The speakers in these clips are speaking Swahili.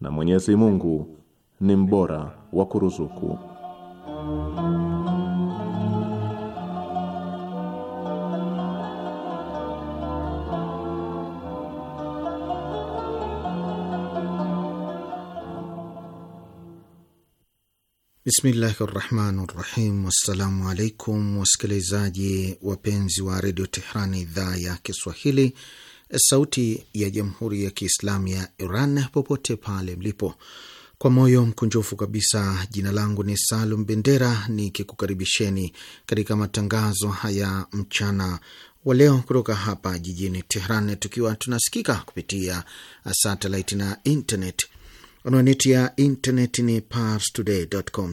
na Mwenyezi Mungu ni mbora wa kuruzuku. Bismillahi rahmani rahim. Wassalamu alaikum wasikilizaji wapenzi wa redio Tehrani, idhaa ya Kiswahili, Sauti ya Jamhuri ya Kiislamu ya Iran popote pale mlipo, kwa moyo mkunjufu kabisa. Jina langu ni Salum Bendera nikikukaribisheni katika matangazo haya mchana wa leo kutoka hapa jijini Tehran, tukiwa tunasikika kupitia satellite na internet. Anwani ya internet ni parstoday.com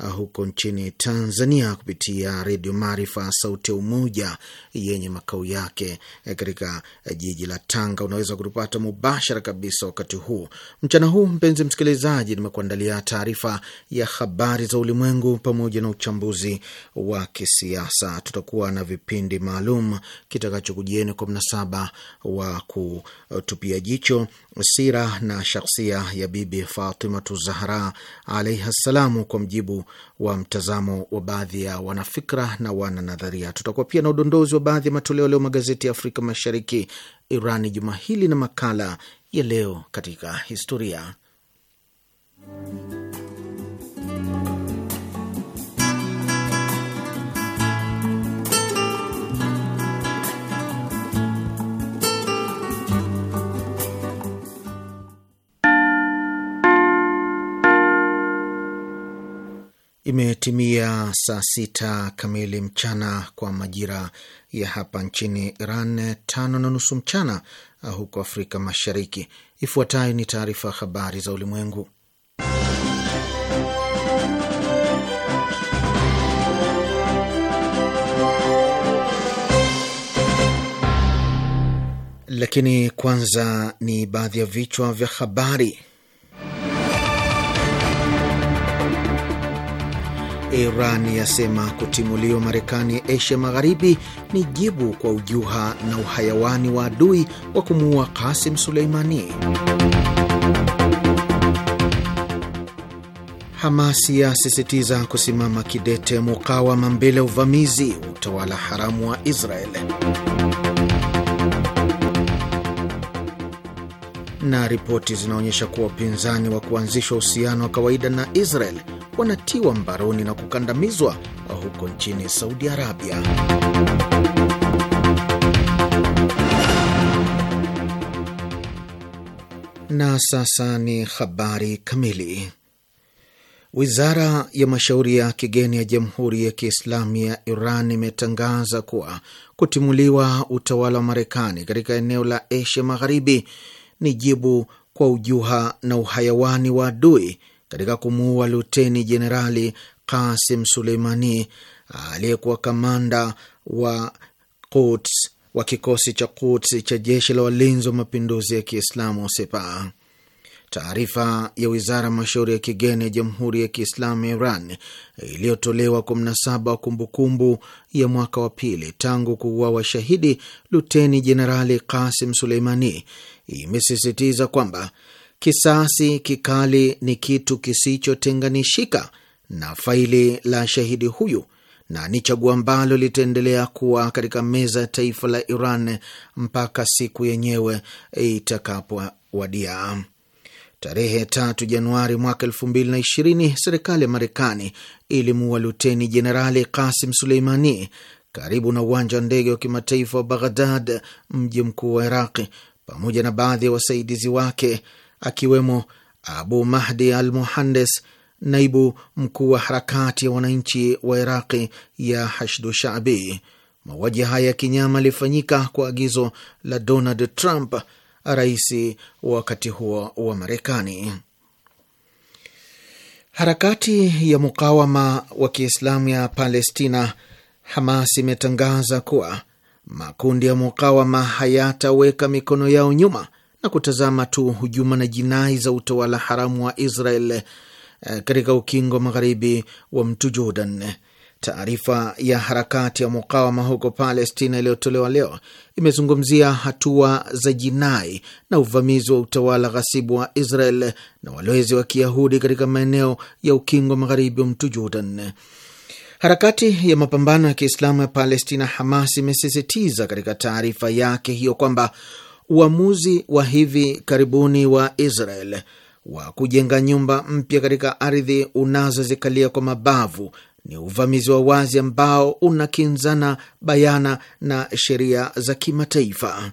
Uh, huko nchini Tanzania kupitia Redio Maarifa Sauti ya Umoja yenye makao yake eh, katika eh, jiji la Tanga. Unaweza kutupata mubashara kabisa wakati huu mchana huu. Mpenzi msikilizaji, nimekuandalia taarifa ya habari za ulimwengu pamoja na uchambuzi wa kisiasa. Tutakuwa na vipindi maalum kitakachokujieni kwa mnasaba wa kutupia jicho sira na shakhsia ya Bibi Fatimatu Zahra alaihi ssalamu kwa mjibu wa mtazamo wa baadhi ya wanafikra na wananadharia. Tutakuwa pia na udondozi wa baadhi ya matoleo leo magazeti ya Afrika Mashariki, Irani juma hili, na makala ya leo katika historia Imetimia saa sita kamili mchana kwa majira ya hapa nchini Iran, tano na nusu mchana uh, huko Afrika Mashariki. Ifuatayo ni taarifa habari za ulimwengu, lakini kwanza ni baadhi ya vichwa vya habari. Iran yasema kutimuliwa Marekani Asia Magharibi ni jibu kwa ujuha na uhayawani wa adui wa kumuua Kasim Suleimani. hamasi yasisitiza kusimama kidete mukawama mbele ya uvamizi utawala haramu wa Israeli. na ripoti zinaonyesha kuwa wapinzani wa kuanzishwa uhusiano wa kawaida na Israel wanatiwa mbaroni na kukandamizwa huko nchini Saudi Arabia. Na sasa ni habari kamili. Wizara ya mashauri ya kigeni ya Jamhuri ya Kiislamu ya Iran imetangaza kuwa kutimuliwa utawala wa Marekani katika eneo la Asia Magharibi ni jibu kwa ujuha na uhayawani wa adui katika kumuua Luteni Jenerali Kasim Suleimani aliyekuwa kamanda wa Quds wa kikosi cha Quds cha jeshi la walinzi wa mapinduzi ya Kiislamu Sepah. Taarifa ya wizara mashauri ya kigeni ya Jamhuri ya Kiislamu ya Iran iliyotolewa kwa mnasaba wa kumbukumbu ya mwaka wa pili tangu kuuawa shahidi Luteni Jenerali Kasim Suleimani imesisitiza kwamba kisasi kikali ni kitu kisichotenganishika na faili la shahidi huyu na ni chaguo ambalo litaendelea kuwa katika meza ya taifa la Iran mpaka siku yenyewe itakapowadia. Tarehe tatu Januari mwaka elfu mbili na ishirini serikali ya Marekani ilimuua luteni jenerali Kasim Suleimani karibu na uwanja wa ndege wa kimataifa wa Baghdad, mji mkuu wa Iraqi, pamoja na baadhi ya wasaidizi wake akiwemo Abu Mahdi al Muhandes, naibu mkuu wa harakati ya wananchi wa Iraqi ya Hashdu Shabi. Mauaji haya ya kinyama alifanyika kwa agizo la Donald Trump, rais wa wakati huo wa Marekani. Harakati ya mukawama wa Kiislamu ya Palestina, Hamas, imetangaza kuwa makundi ya mukawama hayataweka mikono yao nyuma na kutazama tu hujuma na jinai za utawala haramu wa Israel eh, katika ukingo magharibi wa mto Jordan. Taarifa ya harakati ya mukawama huko Palestina iliyotolewa leo imezungumzia hatua za jinai na uvamizi wa utawala ghasibu wa Israel na walowezi wa Kiyahudi katika maeneo ya ukingo magharibi wa mto Jordan. Harakati ya mapambano ya Kiislamu ya Palestina, Hamas, imesisitiza katika taarifa yake hiyo kwamba uamuzi wa hivi karibuni wa Israel wa kujenga nyumba mpya katika ardhi unazozikalia kwa mabavu ni uvamizi wa wazi ambao unakinzana bayana na sheria za kimataifa.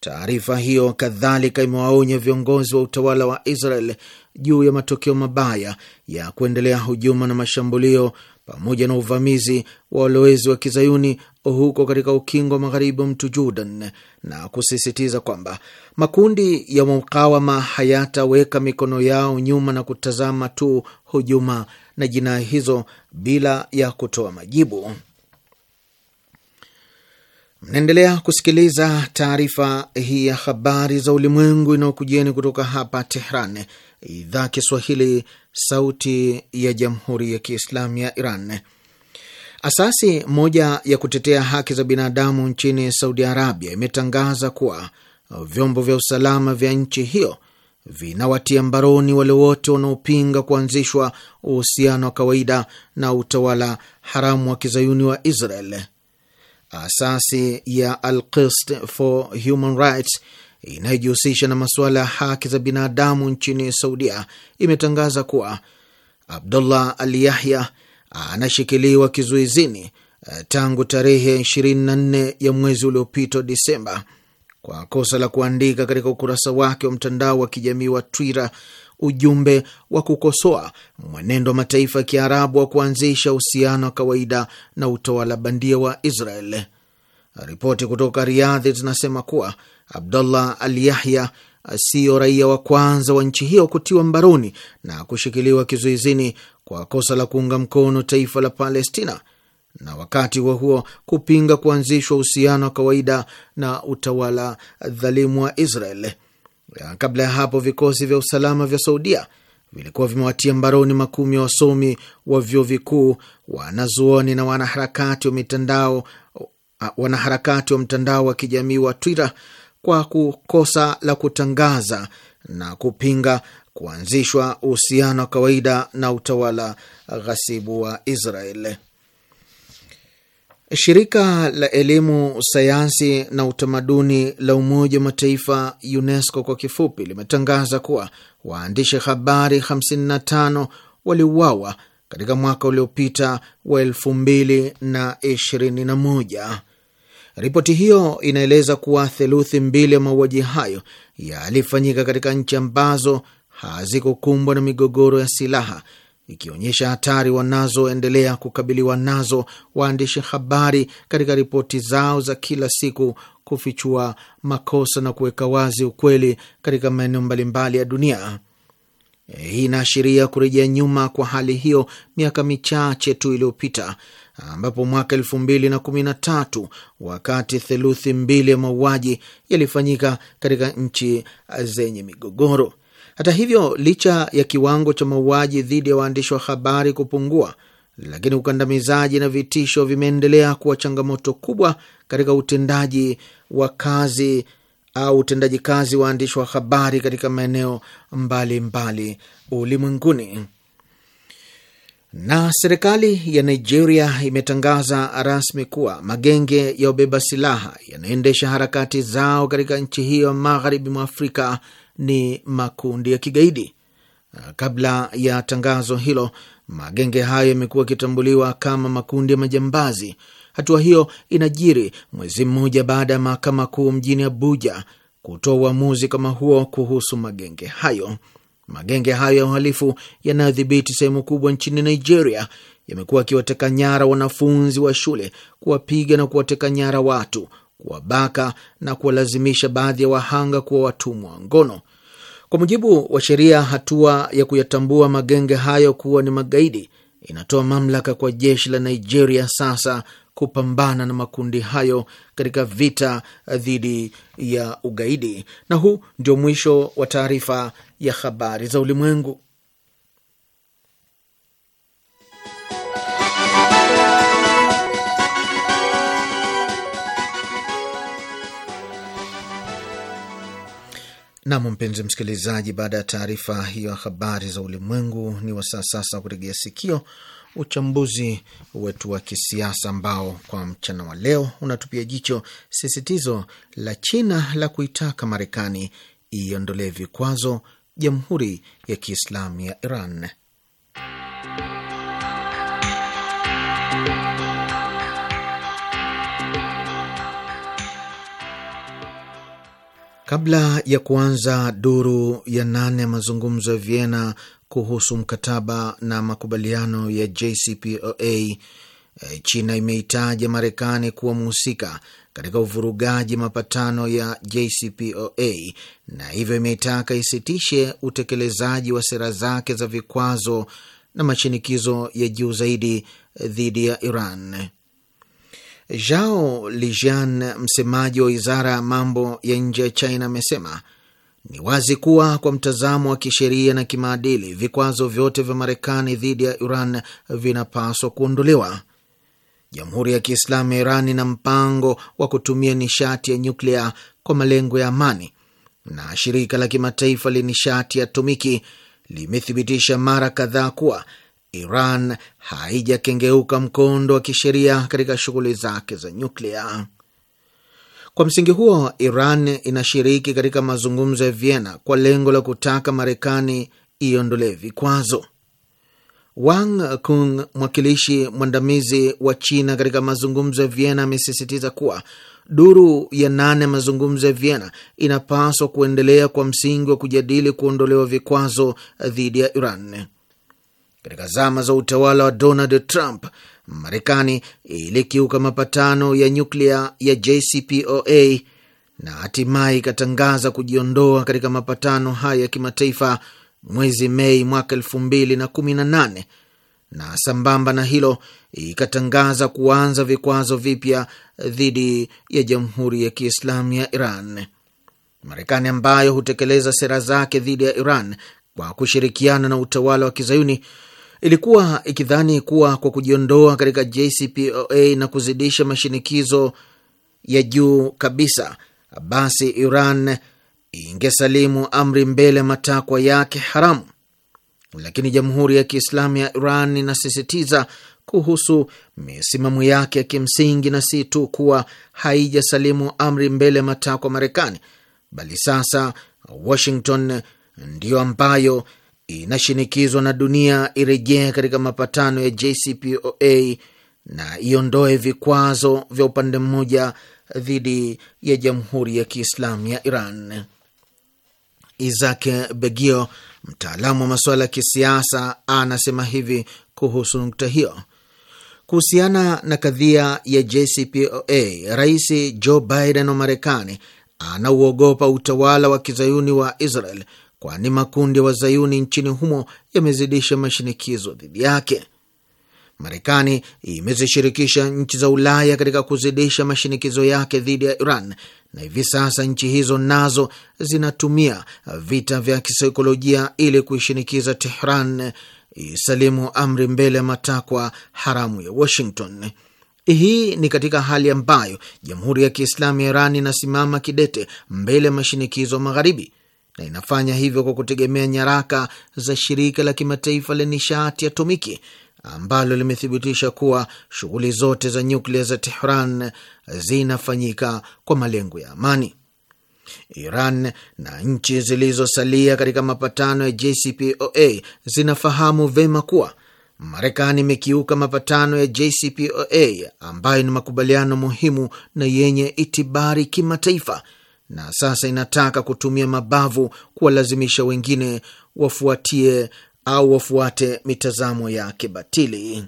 Taarifa hiyo kadhalika imewaonya viongozi wa utawala wa Israel juu ya matokeo mabaya ya kuendelea hujuma na mashambulio pamoja na uvamizi wa walowezi wa kizayuni huko katika ukingo wa magharibi wa mto Jordan na kusisitiza kwamba makundi ya mukawama hayataweka mikono yao nyuma na kutazama tu hujuma na jinai hizo bila ya kutoa majibu. Mnaendelea kusikiliza taarifa hii ya habari za ulimwengu inayokujieni kutoka hapa Tehran, idhaa Kiswahili, sauti ya jamhuri ya kiislamu ya Iran. Asasi moja ya kutetea haki za binadamu nchini Saudi Arabia imetangaza kuwa vyombo vya usalama vya nchi hiyo vinawatia mbaroni wale wote wanaopinga kuanzishwa uhusiano wa kawaida na utawala haramu wa kizayuni wa Israel. Asasi ya Alqist for Human Rights inayojihusisha na masuala ya haki za binadamu nchini Saudia imetangaza kuwa Abdullah Ali Yahya anashikiliwa kizuizini eh, tangu tarehe 24 ya mwezi uliopita Disemba kwa kosa la kuandika katika ukurasa wake wa mtandao wa kijamii wa Twitter ujumbe wa kukosoa mwenendo wa mataifa ya Kiarabu wa kuanzisha uhusiano wa kawaida na utawala bandia wa Israel. Ripoti kutoka Riadhi zinasema kuwa Abdullah Al Yahya siyo raia wa kwanza wa nchi hiyo kutiwa mbaroni na kushikiliwa kizuizini kwa kosa la kuunga mkono taifa la Palestina na wakati wa huo kupinga kuanzishwa uhusiano wa kawaida na utawala dhalimu wa Israel ya kabla ya hapo vikosi vya usalama vya Saudia vilikuwa vimewatia mbaroni makumi ya wasomi wa vyuo vikuu, wanazuoni na wanaharakati wa mitandao, wanaharakati wa mtandao wa kijamii wa Twitter kwa kukosa la kutangaza na kupinga kuanzishwa uhusiano wa kawaida na utawala ghasibu wa Israeli. Shirika la elimu, sayansi na utamaduni la Umoja wa Mataifa, UNESCO kwa kifupi, limetangaza kuwa waandishi habari 55 waliuawa katika mwaka uliopita wa 2021. Ripoti hiyo inaeleza kuwa theluthi mbili ya mauaji hayo yalifanyika katika nchi ambazo hazikukumbwa na migogoro ya silaha ikionyesha hatari wanazoendelea kukabiliwa nazo waandishi habari katika ripoti zao za kila siku, kufichua makosa na kuweka wazi ukweli katika maeneo mbalimbali ya dunia. Hii inaashiria kurejea nyuma kwa hali hiyo miaka michache tu iliyopita, ambapo mwaka elfu mbili na kumi na tatu wakati theluthi mbili ya mauaji yalifanyika katika nchi zenye migogoro hata hivyo, licha ya kiwango cha mauaji dhidi ya waandishi wa habari kupungua, lakini ukandamizaji na vitisho vimeendelea kuwa changamoto kubwa katika utendaji wa kazi au utendaji kazi waandishi wa habari katika maeneo mbalimbali ulimwenguni. Na serikali ya Nigeria imetangaza rasmi kuwa magenge ya ubeba silaha yanaendesha harakati zao katika nchi hiyo magharibi mwa Afrika ni makundi ya kigaidi. Ah, kabla ya tangazo hilo, magenge hayo yamekuwa yakitambuliwa kama makundi ya majambazi. Hatua hiyo inajiri mwezi mmoja baada ya mahakama kuu mjini Abuja kutoa uamuzi kama huo kuhusu magenge hayo. Magenge hayo ya uhalifu yanayodhibiti sehemu kubwa nchini Nigeria yamekuwa akiwateka nyara wanafunzi wa shule, kuwapiga na kuwateka nyara watu, kuwabaka na kuwalazimisha baadhi ya wahanga kuwa watumwa wa ngono. Kwa mujibu wa sheria, hatua ya kuyatambua magenge hayo kuwa ni magaidi inatoa mamlaka kwa jeshi la Nigeria sasa kupambana na makundi hayo katika vita dhidi ya ugaidi. Na huu ndio mwisho wa taarifa ya habari za ulimwengu. Nam, mpenzi msikilizaji, baada ya taarifa hiyo ya habari za ulimwengu, ni wasaa sasa wa kuregea sikio uchambuzi wetu wa kisiasa ambao kwa mchana wa leo unatupia jicho sisitizo la China la kuitaka Marekani iondolee vikwazo Jamhuri ya Kiislamu ya Iran. Kabla ya kuanza duru ya nane ya mazungumzo ya Vienna kuhusu mkataba na makubaliano ya JCPOA, eh, China imeitaja Marekani kuwa mhusika katika uvurugaji mapatano ya JCPOA na hivyo imeitaka isitishe utekelezaji wa sera zake za vikwazo na mashinikizo ya juu zaidi eh, dhidi ya Iran. Zhao Lijian, msemaji wa wizara ya mambo ya nje ya China, amesema ni wazi kuwa kwa mtazamo wa kisheria na kimaadili, vikwazo vyote vya Marekani dhidi ya Iran vinapaswa kuondolewa. Jamhuri ya Kiislamu ya Iran ina mpango wa kutumia nishati ya nyuklia kwa malengo ya amani, na shirika la kimataifa la nishati ya atomiki limethibitisha mara kadhaa kuwa Iran haijakengeuka mkondo wa kisheria katika shughuli zake za nyuklia. Kwa msingi huo, Iran inashiriki katika mazungumzo ya Vienna kwa lengo la kutaka Marekani iondolee vikwazo. Wang Kung, mwakilishi mwandamizi wa China katika mazungumzo ya Vienna, amesisitiza kuwa duru ya nane ya mazungumzo ya Vienna inapaswa kuendelea kwa msingi wa kujadili kuondolewa vikwazo dhidi ya Iran. Katika zama za utawala wa Donald Trump, Marekani ilikiuka mapatano ya nyuklia ya JCPOA na hatimaye ikatangaza kujiondoa katika mapatano hayo ya kimataifa mwezi Mei mwaka elfu mbili na kumi na nane na sambamba na hilo ikatangaza kuanza vikwazo vipya dhidi ya Jamhuri ya Kiislamu ya Iran. Marekani ambayo hutekeleza sera zake dhidi ya Iran kwa kushirikiana na utawala wa kizayuni ilikuwa ikidhani kuwa kwa kujiondoa katika JCPOA na kuzidisha mashinikizo ya juu kabisa, basi Iran ingesalimu amri mbele ya matakwa yake haramu. Lakini Jamhuri ya Kiislamu ya Iran inasisitiza kuhusu misimamo yake ya kimsingi na si tu kuwa haijasalimu amri mbele matakwa Marekani, bali sasa Washington ndiyo ambayo inashinikizwa na dunia irejee katika mapatano ya JCPOA na iondoe vikwazo vya upande mmoja dhidi ya Jamhuri ya Kiislamu ya Iran. Isaac Begio, mtaalamu wa masuala ya kisiasa, anasema hivi kuhusu nukta hiyo. Kuhusiana na kadhia ya JCPOA, Rais Joe Biden wa Marekani anauogopa utawala wa kizayuni wa Israel kwani makundi ya wazayuni nchini humo yamezidisha mashinikizo dhidi yake. Marekani imezishirikisha nchi za Ulaya katika kuzidisha mashinikizo yake dhidi ya Iran, na hivi sasa nchi hizo nazo zinatumia vita vya kisaikolojia ili kuishinikiza Tehran isalimu amri mbele ya matakwa haramu ya Washington. Hii ni katika hali ambayo Jamhuri ya Kiislamu ya Iran inasimama kidete mbele ya mashinikizo magharibi na inafanya hivyo kwa kutegemea nyaraka za shirika la kimataifa la nishati atomiki ambalo limethibitisha kuwa shughuli zote za nyuklia za Tehran zinafanyika kwa malengo ya amani. Iran na nchi zilizosalia katika mapatano ya JCPOA zinafahamu vema kuwa Marekani imekiuka mapatano ya JCPOA ambayo ni makubaliano muhimu na yenye itibari kimataifa na sasa inataka kutumia mabavu kuwalazimisha wengine wafuatie au wafuate mitazamo ya kibatili.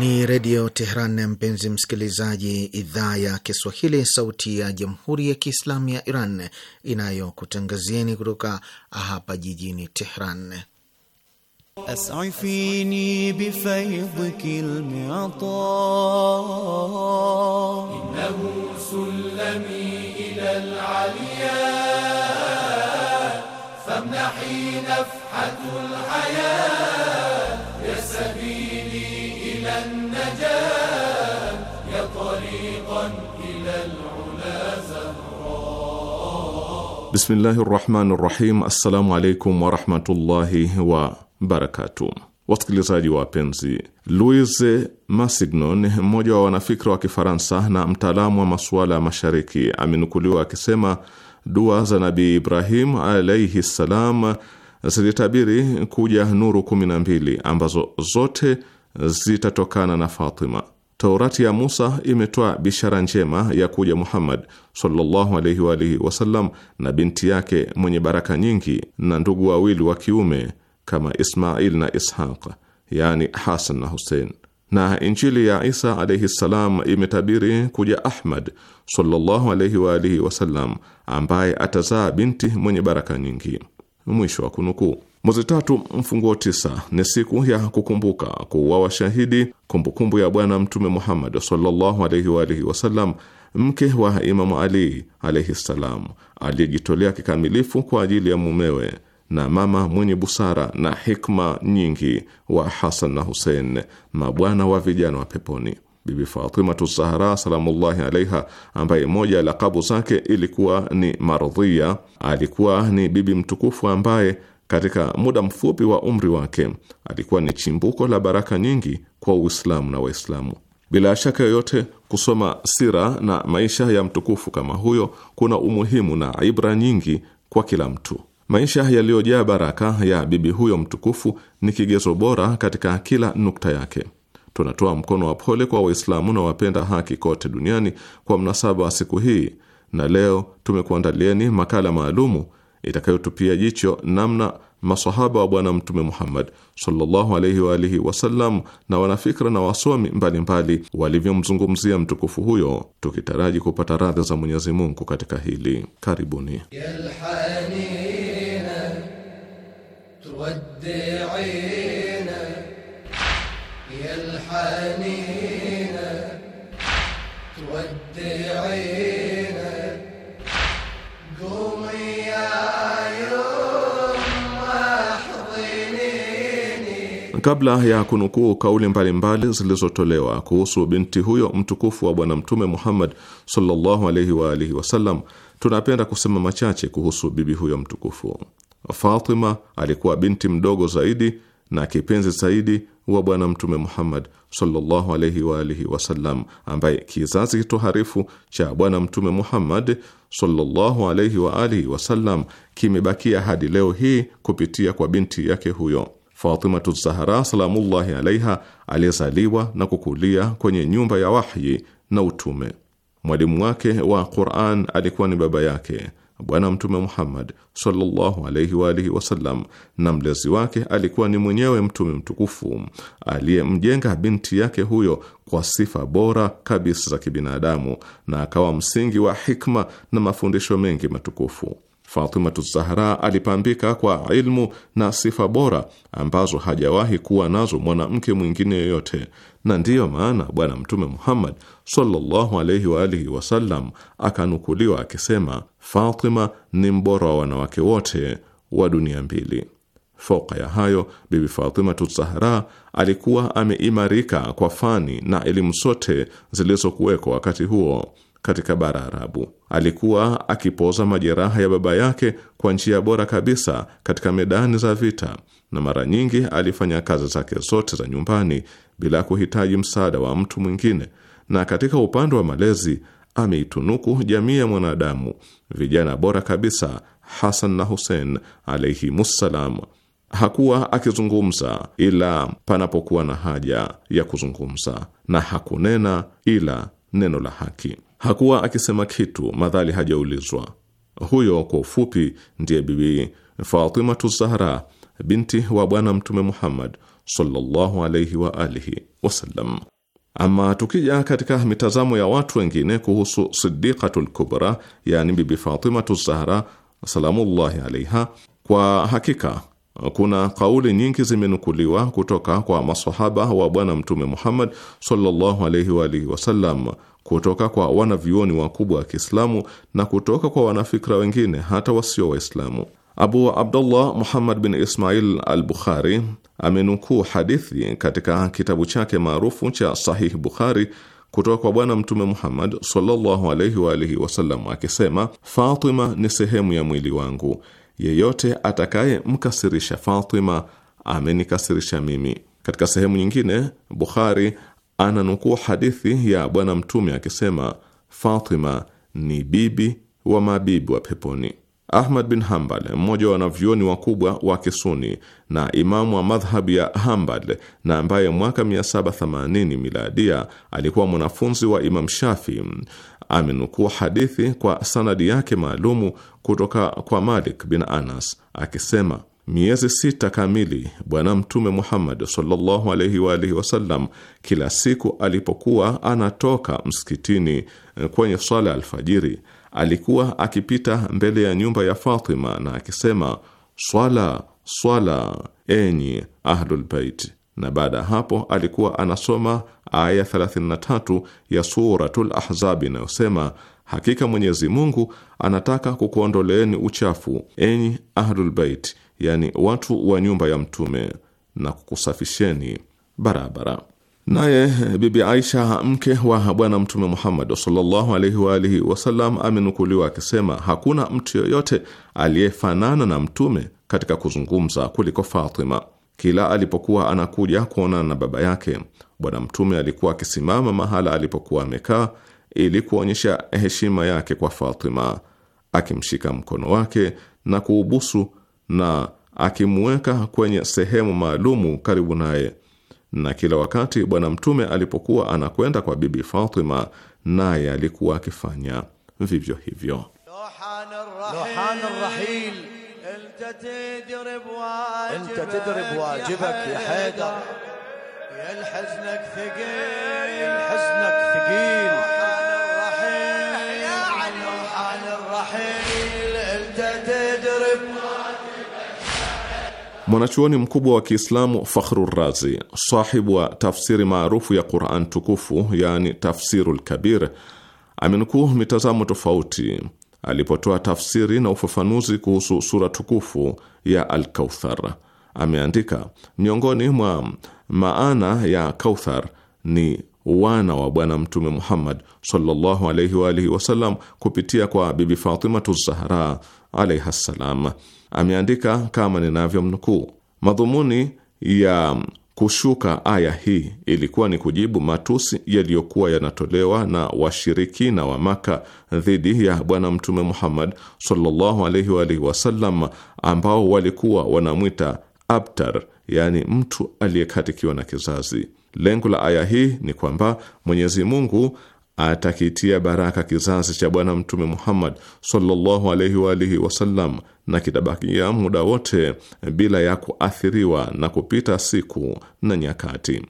Ni Redio Tehran, mpenzi msikilizaji, idhaa ya Kiswahili, sauti ya Jamhuri ya Kiislamu ya Iran inayokutangazieni kutoka hapa jijini Tehran. asifini innahu sulami ila alaliya famnahi nafhatu Bismillahi rahmani rahim. Assalamu alaikum warahmatullahi wabarakatu. Wasikilizaji wapenzi, Louis Massignon, mmoja wa wanafikra wa Kifaransa na mtaalamu wa masuala ya Mashariki, amenukuliwa akisema dua za Nabii Ibrahim alaihi ssalam zilitabiri kuja nuru kumi na mbili ambazo zote zitatokana na Fatima. Taurati ya Musa imetoa bishara njema ya kuja Muhammad sallallahu alaihi wa alihi wasallam na binti yake mwenye baraka nyingi na ndugu wawili wa kiume kama Ismail na Ishaq, yani Hasan na Hussein. Na Injili ya Isa alaihi salam imetabiri kuja Ahmad sallallahu alaihi wa alihi wasallam ambaye atazaa binti mwenye baraka nyingi. Mwisho wa kunukuu. Mwezi tatu mfunguo tisa ni siku ya kukumbuka kuuawa shahidi, kumbukumbu ya Bwana Mtume Muhammad sallallahu alaihi wa alihi wasallam, mke wa Imamu Ali alaihi ssalam, aliyejitolea kikamilifu kwa ajili ya mumewe na mama mwenye busara na hikma nyingi wa Hasan na Husein, mabwana wa vijana wa peponi. Bibi Fatimatu Zahra salamullahi alaiha, ambaye moja ya lakabu zake ilikuwa ni mardhia alikuwa ni bibi mtukufu ambaye katika muda mfupi wa umri wake alikuwa ni chimbuko la baraka nyingi kwa Uislamu na Waislamu. Bila shaka yoyote, kusoma sira na maisha ya mtukufu kama huyo kuna umuhimu na ibra nyingi kwa kila mtu. Maisha yaliyojaa baraka ya bibi huyo mtukufu ni kigezo bora katika kila nukta yake. Tunatoa mkono wa pole kwa Waislamu na wapenda haki kote duniani kwa mnasaba wa siku hii, na leo tumekuandalieni makala maalumu itakayotupia jicho namna masahaba wa Bwana Mtume Muhammad sallallahu alaihi wa alihi wasallam na wanafikra na wasomi mbalimbali walivyomzungumzia mtukufu huyo, tukitaraji kupata radhi za Mwenyezi Mungu katika hili. Karibuni. Yalhanina, Kabla ya kunukuu kauli mbalimbali zilizotolewa kuhusu binti huyo mtukufu wa Bwana Mtume Muhammad sallallahu alaihi wa alihi wasallam, tunapenda kusema machache kuhusu bibi huyo mtukufu. Fatima alikuwa binti mdogo zaidi na kipenzi zaidi wa Bwana Mtume Muhammad sallallahu alaihi wa alihi wasallam, ambaye kizazi kitoharifu cha Bwana Mtume Muhammad sallallahu alaihi wa alihi wasallam kimebakia hadi leo hii kupitia kwa binti yake huyo. Fatimatu Zahra salamullahi alaiha aliyezaliwa na kukulia kwenye nyumba ya wahyi na utume. Mwalimu wake wa Quran alikuwa ni baba yake Bwana Mtume Muhammad sallallahu alaihi wa alihi wasallam, na mlezi wake alikuwa ni mwenyewe Mtume mtukufu aliyemjenga binti yake huyo kwa sifa bora kabisa za kibinadamu na akawa msingi wa hikma na mafundisho mengi matukufu. Fatimatu Zahra alipambika kwa ilmu na sifa bora ambazo hajawahi kuwa nazo mwanamke mwingine yoyote, na ndiyo maana Bwana Mtume Muhammad sallallahu wa alihi wasallam akanukuliwa akisema, Fatima ni mbora wa wanawake wote wa dunia mbili. Fauka ya hayo, Bibi Fatimatu Zahra alikuwa ameimarika kwa fani na elimu zote zilizokuwekwa wakati huo katika bara Arabu. Alikuwa akipoza majeraha ya baba yake kwa njia bora kabisa katika medani za vita, na mara nyingi alifanya kazi zake zote za nyumbani bila kuhitaji msaada wa mtu mwingine. Na katika upande wa malezi ameitunuku jamii ya mwanadamu vijana bora kabisa, Hasan na husen alaihimussalam. Hakuwa akizungumza ila panapokuwa na haja ya kuzungumza, na hakunena ila neno la haki. Hakuwa akisema kitu madhali hajaulizwa. Huyo kwa ufupi ndiye Bibi Fatimatu Zahra, binti wa Bwana Mtume Muhammad sallallahu alayhi wa alihi wasallam. Ama tukija katika mitazamo ya watu wengine kuhusu Siddiqatul Kubra, yani Bibi Fatimatu Zahra salamullahi alaiha, kwa hakika kuna kauli nyingi zimenukuliwa kutoka kwa masahaba wa Bwana Mtume Muhammad sallallahu alaihi wa alihi wasallam, kutoka kwa wanavyuoni wakubwa wa Kiislamu na kutoka kwa wanafikra wengine hata wasio Waislamu. Abu Abdullah Muhammad bin Ismail al Bukhari amenukuu hadithi katika kitabu chake maarufu cha Sahih Bukhari kutoka kwa Bwana Mtume Muhammad sallallahu alaihi wa alihi wasallam akisema, Fatima ni sehemu ya mwili wangu yeyote atakayemkasirisha Fatima amenikasirisha mimi. Katika sehemu nyingine, Bukhari ananukuu hadithi ya Bwana Mtume akisema, Fatima ni bibi wa mabibi wa peponi. Ahmad bin Hambal, mmoja wa wanavyuoni wakubwa wa Kisuni na imamu wa madhhabu ya Hambal, na ambaye mwaka 780 miladia alikuwa mwanafunzi wa Imam Shafi, amenukuu hadithi kwa sanadi yake maalumu kutoka kwa Malik bin Anas akisema, miezi sita kamili Bwana Mtume Muhammad sallallahu alaihi wa alihi wasallam kila siku alipokuwa anatoka msikitini eh, kwenye swala alfajiri, alikuwa akipita mbele ya nyumba ya Fatima na akisema, swala swala, enyi ahlulbeit na baada ya hapo alikuwa anasoma aya 33 ya Suratul ahzabi inayosema, hakika Mwenyezi Mungu anataka kukuondoleeni uchafu enyi Ahlul Bait, yani watu wa nyumba ya Mtume, na kukusafisheni barabara. Naye Bibi Aisha mke wa Bwana Mtume Muhammad sallallahu alaihi wa alihi wasallam amenukuliwa akisema, hakuna mtu yoyote aliyefanana na Mtume katika kuzungumza kuliko Fatima. Kila alipokuwa anakuja kuonana na baba yake, Bwana Mtume alikuwa akisimama mahala alipokuwa amekaa ili kuonyesha heshima yake kwa Fatima, akimshika mkono wake na kuubusu na akimweka kwenye sehemu maalumu karibu naye. Na kila wakati Bwana Mtume alipokuwa anakwenda kwa Bibi Fatima, naye alikuwa akifanya vivyo hivyo. Lohana rahil. Lohana rahil. انت تدرب واجبك انت تدرب واجبك يا حيدر يا الحزنك ثقيل حزنك ثقيل وحال الرحيل يا علي وحال الرحيل انت تدرب Mwanachuoni mkubwa wa Kiislamu Fakhrur Razi, sahibu wa tafsiri maarufu ya Quran tukufu, yaani Tafsirul Kabir, amenukuu mitazamo tofauti alipotoa tafsiri na ufafanuzi kuhusu sura tukufu ya alkauthar ameandika, miongoni mwa maana ya Kauthar ni wana wa Bwana Mtume Muhammad sallallahu alaihi wa alihi wasallam kupitia kwa Bibi Fatimatu Zahra alaiha ssalam. Ameandika kama ninavyomnukuu, madhumuni ya kushuka aya hii ilikuwa ni kujibu matusi yaliyokuwa yanatolewa na washirikina wa Maka dhidi ya Bwana Mtume Muhammad sallallahu alaihi wa alihi wasallam ambao walikuwa wanamwita abtar, yaani mtu aliyekatikiwa na kizazi. Lengo la aya hii ni kwamba Mwenyezi Mungu atakitia baraka kizazi cha Bwana Mtume Muhammad sallallahu alaihi wa alihi wasallam na kitabakia muda wote bila ya kuathiriwa na kupita siku na nyakati.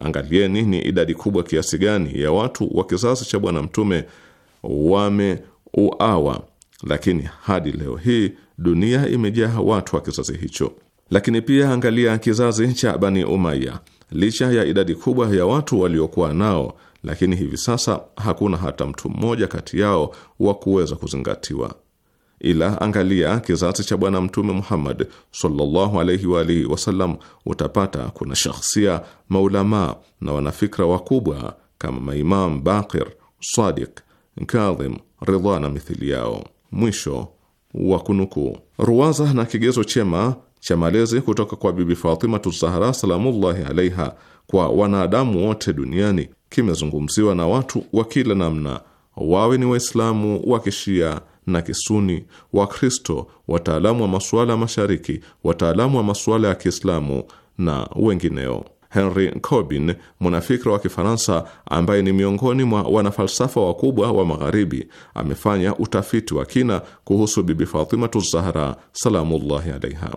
Angalieni ni idadi kubwa kiasi gani ya watu wa kizazi cha Bwana Mtume wameuawa, lakini hadi leo hii dunia imejaa watu wa kizazi hicho. Lakini pia angalia kizazi cha Bani Umaya, licha ya idadi kubwa ya watu waliokuwa nao, lakini hivi sasa hakuna hata mtu mmoja kati yao wa kuweza kuzingatiwa. Ila angalia kizazi cha Bwana Mtume Muhammad sallallahu alaihi wa alihi wasallam, utapata kuna shakhsia maulamaa na wanafikra wakubwa kama maimam Baqir, Sadiq, Kadhim, Ridha na mithili yao. Mwisho wa kunukuu. Ruwaza na kigezo chema cha malezi kutoka kwa Bibi Fatimatu Zahra salamullahi alaiha kwa wanadamu wote duniani kimezungumziwa na watu wa kila namna, wawe ni Waislamu wa Kishia na Kisuni, Wakristo, wataalamu wa masuala ya Mashariki, wataalamu wa masuala ya Kiislamu na wengineo. Henry Corbin, mwanafikra wa Kifaransa ambaye ni miongoni mwa wanafalsafa wakubwa wa Magharibi, amefanya utafiti wa kina kuhusu Bibi Fatimatu Zahra salamullahi alaiha.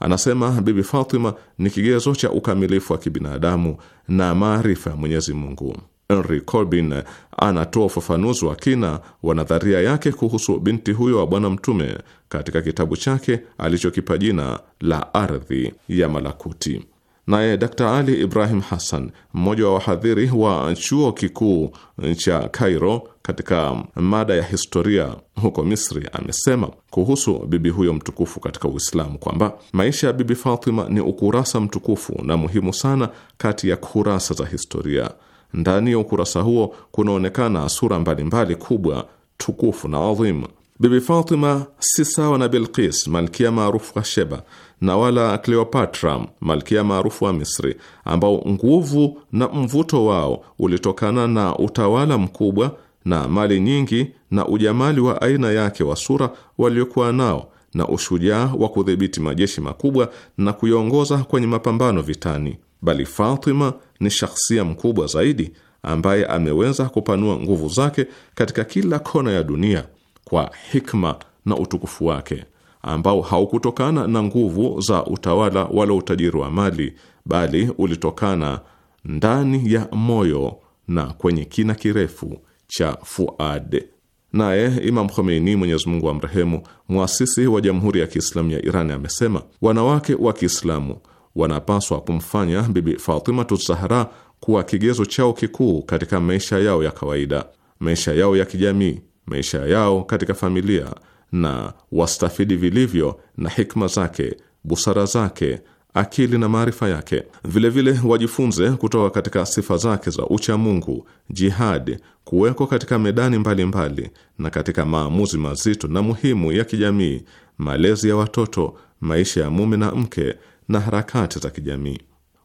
Anasema Bibi Fatima ni kigezo cha ukamilifu wa kibinadamu na maarifa ya Mwenyezi Mungu. Henry Corbin anatoa ufafanuzi wa kina wa nadharia yake kuhusu binti huyo wa Bwana Mtume katika kitabu chake alichokipa jina la Ardhi ya Malakuti. Naye Dr. Ali Ibrahim Hassan, mmoja wa wahadhiri wa chuo kikuu cha Cairo katika mada ya historia huko Misri, amesema kuhusu bibi huyo mtukufu katika Uislamu kwamba maisha ya Bibi Fatima ni ukurasa mtukufu na muhimu sana kati ya kurasa za historia. Ndani ya ukurasa huo kunaonekana sura mbalimbali kubwa tukufu na adhimu. Bibi Fatima si sawa na Bilqis, malkia maarufu wa Sheba, na wala Cleopatra, malkia maarufu wa Misri, ambao nguvu na mvuto wao ulitokana na utawala mkubwa na mali nyingi na ujamali wa aina yake wa sura waliokuwa nao na ushujaa wa kudhibiti majeshi makubwa na kuyongoza kwenye mapambano vitani, bali Fatima ni shakhsia mkubwa zaidi ambaye ameweza kupanua nguvu zake katika kila kona ya dunia kwa hikma na utukufu wake ambao haukutokana na nguvu za utawala wala utajiri wa mali, bali ulitokana ndani ya moyo na kwenye kina kirefu cha fuad. Naye Imam Khomeini, Mwenyezi Mungu amrehemu, mwasisi wa Jamhuri ya Kiislamu ya Iran, amesema wanawake wa Kiislamu wanapaswa kumfanya Bibi Fatimatu Zahra kuwa kigezo chao kikuu katika maisha yao ya kawaida, maisha yao ya kijamii, maisha yao katika familia, na wastafidi vilivyo na hikma zake, busara zake, akili na maarifa yake. Vilevile vile wajifunze kutoka katika sifa zake za ucha mungu jihadi, kuwekwa katika medani mbalimbali mbali, na katika maamuzi mazito na muhimu ya kijamii, malezi ya watoto, maisha ya mume na mke na harakati za kijamii.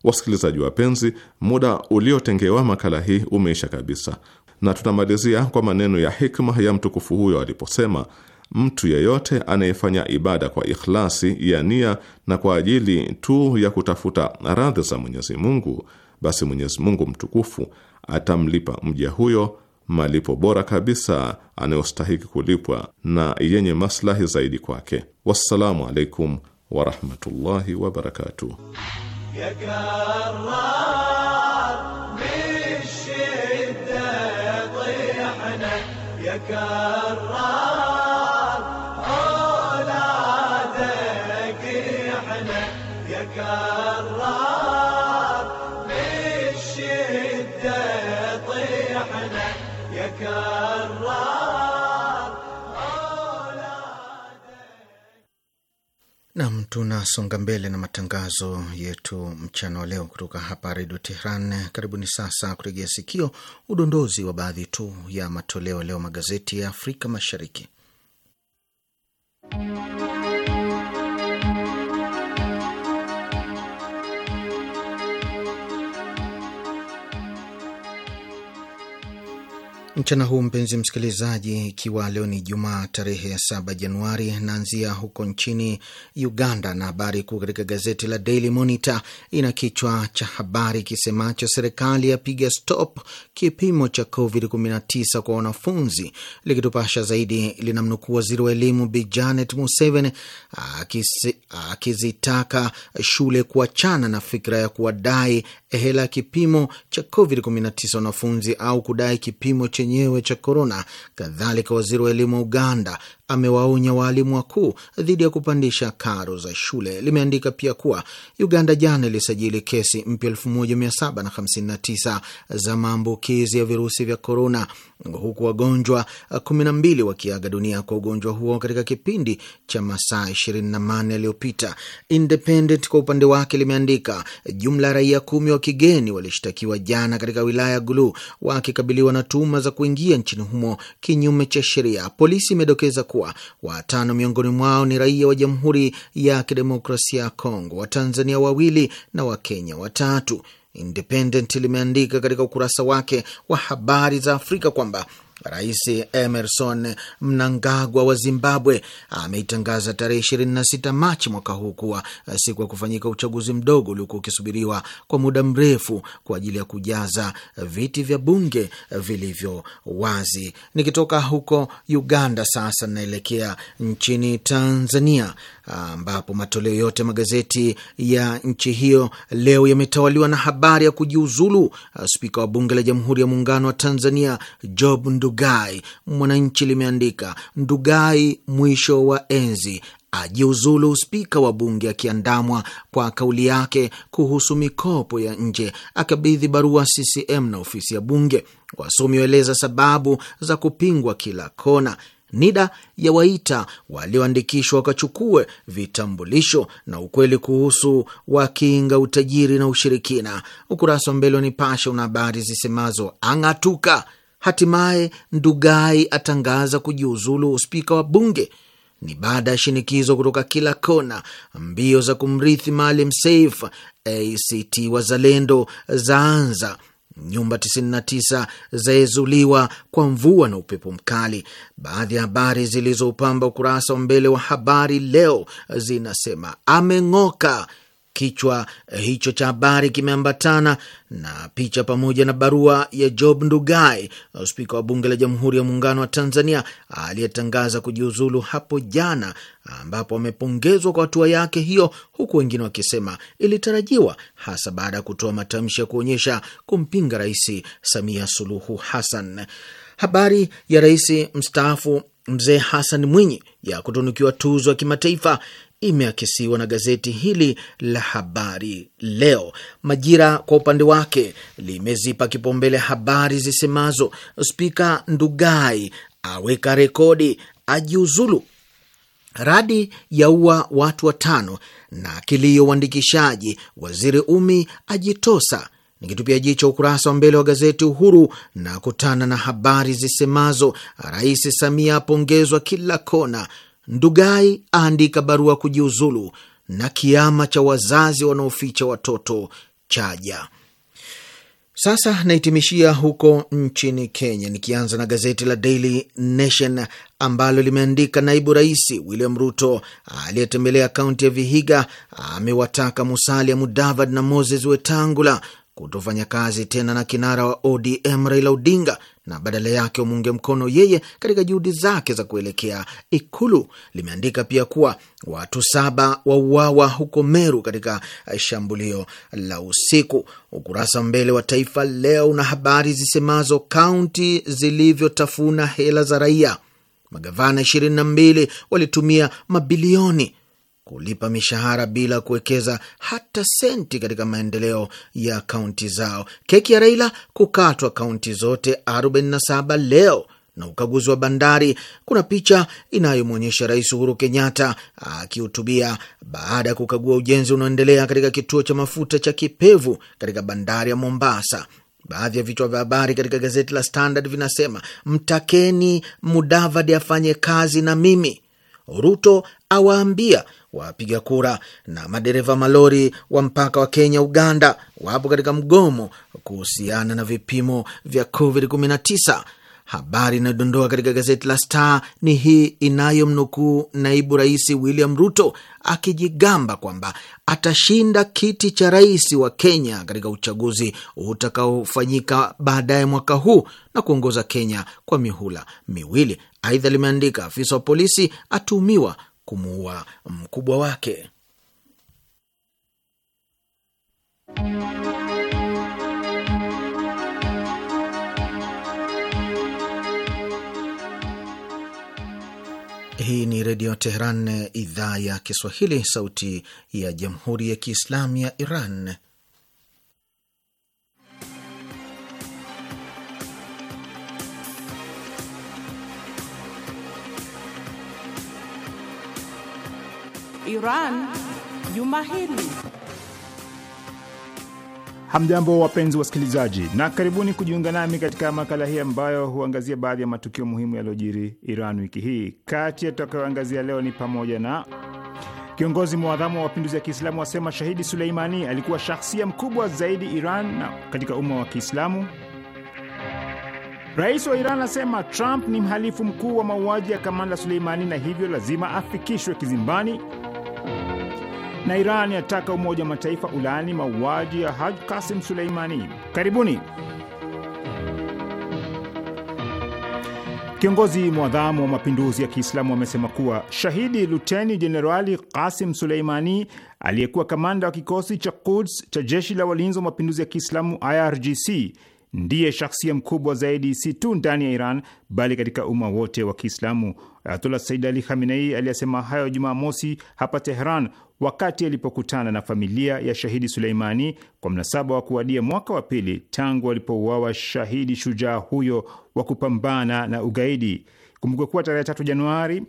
Wasikilizaji wapenzi, muda uliotengewa makala hii umeisha kabisa, na tunamalizia kwa maneno ya hikma ya mtukufu huyo aliposema: Mtu yeyote anayefanya ibada kwa ikhlasi ya nia na kwa ajili tu ya kutafuta radhi za Mwenyezi Mungu, basi Mwenyezi Mungu mtukufu atamlipa mja huyo malipo bora kabisa anayostahiki kulipwa na yenye maslahi zaidi kwake. Wassalamu alaikum ورحمة الله وبركاته يا كرار من الشدة يا كرار Nam, tunasonga mbele na matangazo yetu mchana wa leo kutoka hapa Redio Tehran. Karibuni sasa kuregea sikio udondozi wa baadhi tu ya matoleo leo magazeti ya Afrika Mashariki mchana huu, mpenzi msikilizaji, ikiwa leo ni Jumaa tarehe ya saba Januari, naanzia huko nchini Uganda, na habari kuu katika gazeti la Daily Monitor ina kichwa cha habari kisemacho serikali yapiga stop kipimo cha COVID-19 kwa wanafunzi. Likitupasha zaidi, linamnukuu waziri wa elimu Bi Janet Museveni akizitaka shule kuachana na fikra ya kuwadai Eh, hela ya kipimo cha COVID-19 wanafunzi au kudai kipimo chenyewe cha korona. Kadhalika, waziri wa elimu wa Uganda amewaonya waalimu wakuu dhidi ya kupandisha karo za shule. Limeandika pia kuwa Uganda jana ilisajili kesi mpya 1759 za maambukizi ya virusi vya korona, huku wagonjwa 12 wakiaga dunia kwa ugonjwa huo katika kipindi cha masaa 24 yaliyopita. Independent kwa upande wake limeandika jumla raia kumi wa kigeni walishtakiwa jana katika wilaya ya Gulu wakikabiliwa na tuhuma za kuingia nchini humo kinyume cha sheria. Polisi imedokeza kuwa watano miongoni mwao ni raia wa Jamhuri ya Kidemokrasia ya Kongo, Watanzania wawili na Wakenya watatu. Independent limeandika katika ukurasa wake wa habari za Afrika kwamba Rais Emerson Mnangagwa wa Zimbabwe ameitangaza tarehe sita Machi mwaka huu kuwa eh, siku ya kufanyika uchaguzi mdogo uliokuwa ukisubiriwa kwa muda mrefu kwa ajili ya kujaza eh, viti vya bunge eh, vilivyo wazi. Nikitoka huko Uganda sasa naelekea nchini Tanzania ambapo matoleo yote magazeti ya nchi hiyo leo yametawaliwa na habari ya kujiuzulu uh, spika wa bunge la Jamhuri ya Muungano wa Tanzania Job Ndugai. Mwananchi limeandika Ndugai mwisho wa enzi ajiuzulu spika wa bunge akiandamwa kwa kauli yake kuhusu mikopo ya nje, akabidhi barua CCM na ofisi ya bunge. Wasomi waeleza sababu za kupingwa kila kona. NIDA ya waita walioandikishwa wakachukue vitambulisho na ukweli kuhusu wakinga utajiri na ushirikina. Ukurasa wa mbele wa Nipashe una habari zisemazo ang'atuka, hatimaye Ndugai atangaza kujiuzulu uspika wa Bunge. Ni baada ya shinikizo kutoka kila kona, mbio za kumrithi Maalim Seif. ACT Wazalendo zaanza nyumba 99 zaezuliwa kwa mvua na upepo mkali. Baadhi ya habari zilizopamba ukurasa wa mbele wa Habari Leo zinasema ameng'oka Kichwa hicho cha habari kimeambatana na picha pamoja na barua ya Job Ndugai, spika wa bunge la Jamhuri ya Muungano wa Tanzania aliyetangaza kujiuzulu hapo jana, ambapo amepongezwa kwa hatua yake hiyo, huku wengine wakisema ilitarajiwa, hasa baada ya kutoa matamshi ya kuonyesha kumpinga Rais Samia Suluhu Hassan. Habari ya rais mstaafu Mzee Hassan Mwinyi ya kutunukiwa tuzo ya kimataifa imeakisiwa na gazeti hili la Habari Leo. Majira kwa upande wake limezipa kipaumbele habari zisemazo Spika Ndugai aweka rekodi, ajiuzulu, radi yaua watu watano, na kilio uandikishaji, waziri Umi ajitosa Nikitupia jicho ukurasa wa mbele wa gazeti Uhuru na kutana na habari zisemazo Rais Samia apongezwa kila kona, Ndugai aandika barua kujiuzulu, na kiama cha wazazi wanaoficha watoto chaja. Sasa nahitimishia huko nchini Kenya, nikianza na gazeti la Daily Nation ambalo limeandika naibu rais William Ruto aliyetembelea kaunti ya Vihiga amewataka Musalia Mudavadi na Moses Wetangula kutofanya kazi tena na kinara wa ODM Raila Odinga na badala yake wamuunge mkono yeye katika juhudi zake za kuelekea Ikulu. Limeandika pia kuwa watu saba wauawa huko Meru katika shambulio la usiku. Ukurasa mbele wa Taifa Leo na habari zisemazo kaunti zilivyotafuna hela za raia, magavana 22 walitumia mabilioni kulipa mishahara bila kuwekeza hata senti katika maendeleo ya kaunti zao, keki ya Raila kukatwa kaunti zote 47 leo na ukaguzi wa bandari. Kuna picha inayomwonyesha Rais Uhuru Kenyatta akihutubia baada ya kukagua ujenzi unaoendelea katika kituo cha mafuta cha Kipevu katika bandari ya Mombasa. Baadhi ya vichwa vya habari katika gazeti la Standard vinasema mtakeni Mudavadi afanye kazi na mimi, Ruto awaambia wapiga kura na madereva malori wa mpaka wa Kenya Uganda wapo katika mgomo kuhusiana na vipimo vya COVID-19. Habari inayodondoa katika gazeti la Star ni hii inayomnukuu naibu rais William Ruto akijigamba kwamba atashinda kiti cha rais wa Kenya katika uchaguzi utakaofanyika baadaye mwaka huu na kuongoza Kenya kwa mihula miwili. Aidha limeandika afisa wa polisi atuhumiwa kumuua mkubwa wake. Hii ni Redio Teheran, idhaa ya Kiswahili, sauti ya Jamhuri ya Kiislamu ya Iran. Iran juma hili. Hamjambo, wapenzi wasikilizaji, na karibuni kujiunga nami katika makala hii ambayo huangazia baadhi ya matukio muhimu yaliyojiri Iran wiki hii. Kati ya tutakayoangazia leo ni pamoja na kiongozi mwadhamu wa mapinduzi ya Kiislamu asema shahidi Suleimani alikuwa shahsia mkubwa zaidi Iran na katika umma wa Kiislamu. Rais wa Iran asema Trump ni mhalifu mkuu wa mauaji ya kamanda Suleimani na hivyo lazima afikishwe kizimbani na Iran yataka Umoja wa Mataifa ulaani mauaji ya Haj Kasim Suleimani. Karibuni. Kiongozi mwadhamu wa mapinduzi ya Kiislamu amesema kuwa shahidi luteni jenerali Kasim Suleimani aliyekuwa kamanda wa kikosi cha Quds cha jeshi la walinzi wa mapinduzi ya Kiislamu IRGC ndiye shahsia mkubwa zaidi si tu ndani ya Iran bali katika umma wote wa Kiislamu. Ayatullah Said Ali Khamenei aliyesema hayo Jumaa mosi hapa Teheran wakati alipokutana na familia ya shahidi Suleimani kwa mnasaba wa kuwadia mwaka wa pili tangu alipouawa shahidi shujaa huyo wa kupambana na ugaidi. kumbuka kuwa tarehe tatu Januari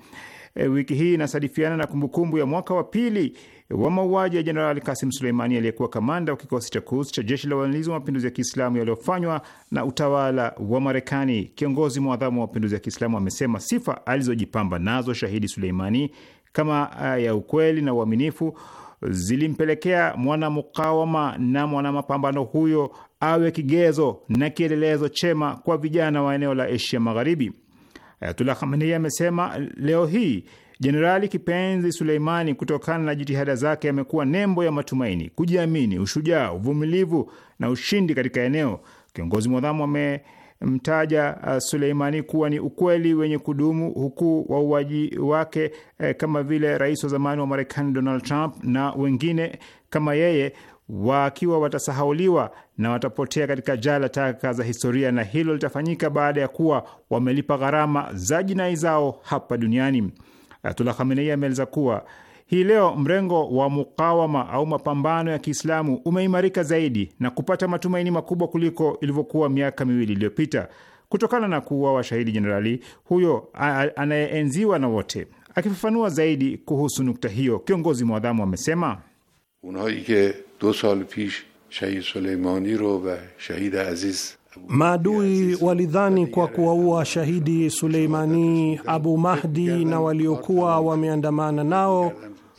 e, wiki hii inasadifiana na kumbukumbu ya mwaka wa pili wa mauaji ya Jenerali Kasim Suleimani aliyekuwa kamanda wa kikosi cha Quds cha jeshi la walinzi wa mapinduzi ya Kiislamu yaliyofanywa na utawala wa Marekani. Kiongozi mwadhamu wa mapinduzi ya Kiislamu amesema sifa alizojipamba nazo shahidi Suleimani kama eh, ya ukweli na uaminifu zilimpelekea mwanamukawama na mwanamapambano huyo awe kigezo na kielelezo chema kwa vijana wa eneo la Asia Magharibi. Ayatullah Khamenei amesema leo hii Jenerali kipenzi Suleimani, kutokana na jitihada zake, amekuwa nembo ya matumaini, kujiamini, ushujaa, uvumilivu na ushindi katika eneo. Kiongozi mwadhamu amemtaja uh, Suleimani kuwa ni ukweli wenye kudumu, huku wauaji wake eh, kama vile rais wa zamani wa Marekani Donald Trump na wengine kama yeye wakiwa watasahauliwa na watapotea katika jala taka za historia, na hilo litafanyika baada ya kuwa wamelipa gharama za jinai zao hapa duniani. Ayatullah Khamenei ameeleza kuwa hii leo mrengo wa mukawama au mapambano ya Kiislamu umeimarika zaidi na kupata matumaini makubwa kuliko ilivyokuwa miaka miwili iliyopita kutokana na kuwa washahidi jenerali huyo anayeenziwa na wote. Akifafanua zaidi kuhusu nukta hiyo, kiongozi mwadhamu amesema unaike ke do sal pish shahid Suleimani ro ve shahid aziz Maadui walidhani kwa kuwaua shahidi Suleimani, Abu Mahdi na waliokuwa wameandamana nao,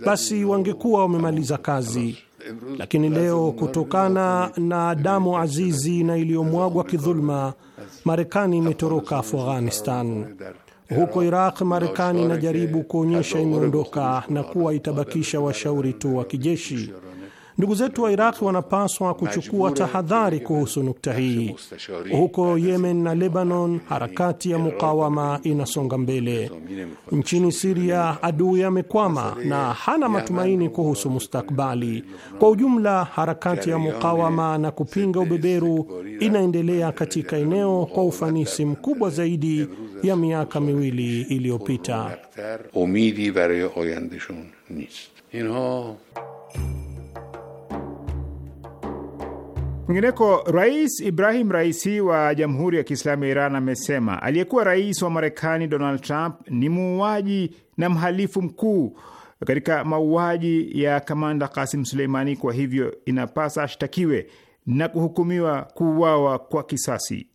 basi wangekuwa wamemaliza kazi, lakini leo kutokana na damu azizi na iliyomwagwa kidhuluma, Marekani imetoroka Afghanistan. Huko Iraq, Marekani inajaribu kuonyesha imeondoka na kuwa itabakisha washauri tu wa kijeshi Ndugu zetu wa Iraqi wanapaswa kuchukua tahadhari kuhusu nukta hii. Huko Yemen na Lebanon, harakati ya mukawama inasonga mbele. Nchini Siria, adui amekwama na hana matumaini kuhusu mustakbali. Kwa ujumla, harakati ya mukawama na kupinga ubeberu inaendelea katika eneo kwa ufanisi mkubwa zaidi ya miaka miwili iliyopita. Kwingineko, Rais Ibrahim Raisi wa Jamhuri ya Kiislamu ya Iran amesema aliyekuwa rais wa Marekani Donald Trump ni muuaji na mhalifu mkuu katika mauaji ya kamanda Kasim Suleimani, kwa hivyo inapasa ashtakiwe na kuhukumiwa kuuawa kwa kisasi.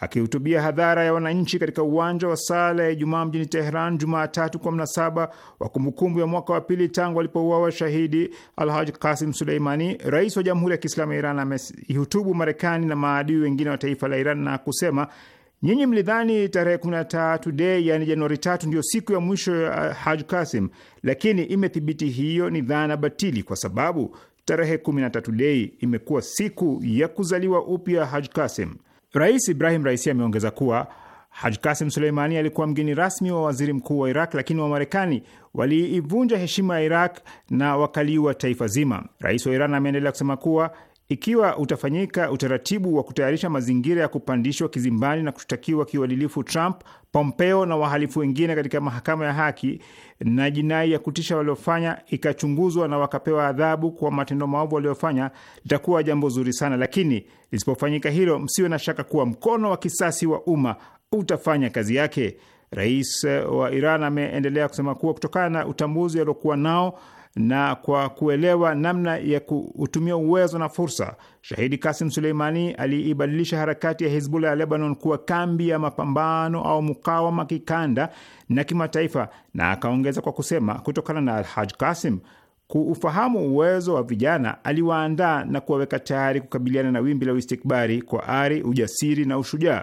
Akihutubia hadhara ya wananchi katika uwanja wa sala ya Ijumaa mjini Teheran Jumatatu kwa mnasaba wa kumbukumbu ya mwaka wa pili tangu alipouawa shahidi Alhaj Kasim Suleimani, rais wa Jamhuri ya Kiislamu ya Iran ameihutubu Marekani na maadui wengine wa taifa la Iran na kusema, nyinyi mlidhani tarehe 13 Dei, yani Januari tatu, ndiyo siku ya mwisho ya Haj Kasim, lakini imethibiti hiyo ni dhana batili, kwa sababu tarehe 13 Dei imekuwa siku ya kuzaliwa upya Haj Kasim. Rais Ibrahim Raisi ameongeza kuwa Haj Kasim Suleimani alikuwa mgeni rasmi wa waziri mkuu wa Iraq, lakini Wamarekani waliivunja heshima ya Iraq na wakaliua taifa zima. Rais wa Iran ameendelea kusema kuwa ikiwa utafanyika utaratibu wa kutayarisha mazingira ya kupandishwa kizimbani na kushtakiwa kiuadilifu Trump, Pompeo na wahalifu wengine katika mahakama ya haki na jinai ya kutisha waliofanya ikachunguzwa na wakapewa adhabu kwa matendo maovu waliofanya, litakuwa jambo zuri sana. Lakini lisipofanyika hilo, msiwe na shaka kuwa mkono wa kisasi wa umma utafanya kazi yake. Rais wa Iran ameendelea kusema kuwa kutokana na utambuzi aliokuwa nao na kwa kuelewa namna ya kutumia uwezo na fursa, shahidi Kasim Suleimani aliibadilisha harakati ya Hizbullah ya Lebanon kuwa kambi ya mapambano au mukawama kikanda na kimataifa, na akaongeza kwa kusema, kutokana na Alhaj Kasim kuufahamu uwezo wa vijana, aliwaandaa na kuwaweka tayari kukabiliana na wimbi la uistikbari kwa ari, ujasiri na ushujaa.